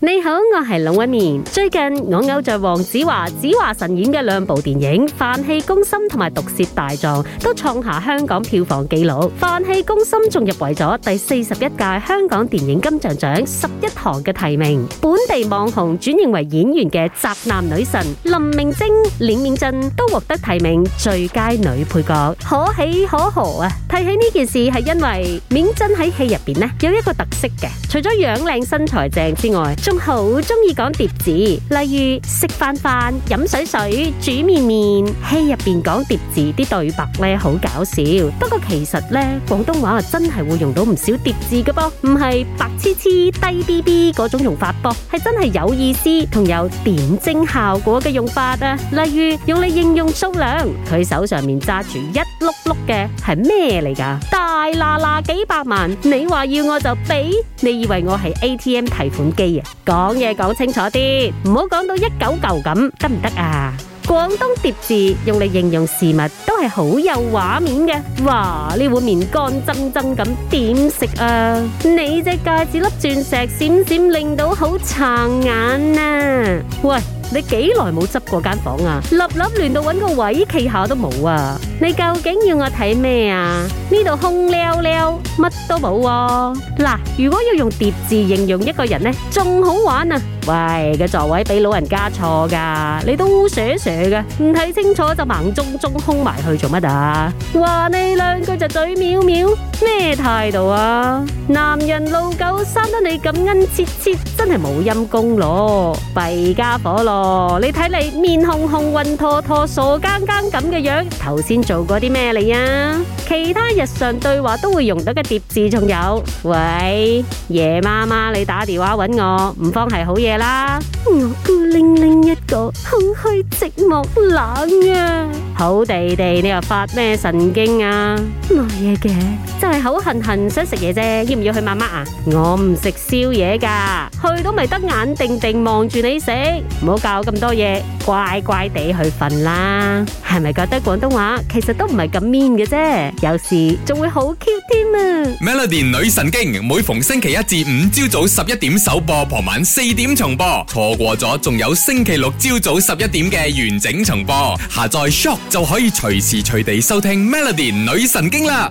你好，我係龍紋敏。最近我偶像黃子華、子華神演嘅兩部電影《飯氣攻心》同埋《毒舌大狀》，都創下香港票房紀錄。《飯氣攻心》仲入圍咗第四十一屆香港電影金像獎十一項嘅提名。本地網紅轉型為演員嘅宅男女神林明禎、李敏俊都獲得提名最佳女配角，可喜可賀啊！提起呢件事係因為敏俊喺戲入邊呢有一個特色嘅，除咗樣靚、身材正之外。仲好中意講疊字，例如食飯飯、飲水水、煮麵麵裡面面，喺入面講疊字啲對白呢，好搞笑。不過其實呢，廣東話真係會用到唔少疊字嘅噃，唔係白痴痴低 B B 嗰種用法，係真係有意思同有點睛效果嘅用法啊！例如用嚟應用數量，佢手上面揸住一碌碌嘅係咩嚟㗎？大拿拿幾百萬，你話要我就俾，你以為我係 A T M 提款機啊？講嘢講清楚啲，唔好講到一嚿嚿咁，得唔得啊？廣東疊字用嚟形容事物都係好有畫面嘅。哇！呢碗麵乾爭爭咁，點食啊？你隻戒指粒鑽石閃閃，令到好撐眼啊！喂，你幾耐冇執過間房啊？立立亂到揾個位企下都冇啊！你究竟要我睇咩啊？呢度空溜溜，乜都冇。嗱，如果要用疊字形容一個人呢，仲好玩啊！喂，個座位俾老人家坐噶，你都污些些噶，唔睇清楚就盲中中空埋去做乜啊？話你兩句就嘴藐藐，咩態度啊？男人老狗。生得你咁恩切切，真係冇陰功咯，弊家伙咯！你睇你面紅紅、暈陀陀、傻更更咁嘅樣，樣，頭先做過啲咩嚟啊？其他日常對話都會用到嘅疊字，仲有。喂，夜媽媽你打電話揾我，唔慌係好嘢啦。我孤零零一個，空虛寂寞冷啊！好地地，你又發咩神經啊？冇嘢嘅。真係口痕痕想食嘢啫，要唔要去媽媽啊？我唔食宵夜噶，去都咪得眼定定望住你食，唔好搞咁多嘢，乖乖哋去瞓啦。係咪覺得廣東話其實都唔係咁 mean 嘅啫？有時仲會好 Q 添啊！Melody 女神經每逢星期一至五朝早十一點首播，傍晚四點重播，錯過咗仲有星期六朝早十一點嘅完整重播。下載 Shock 就可以隨時隨地收聽 Melody 女神經啦。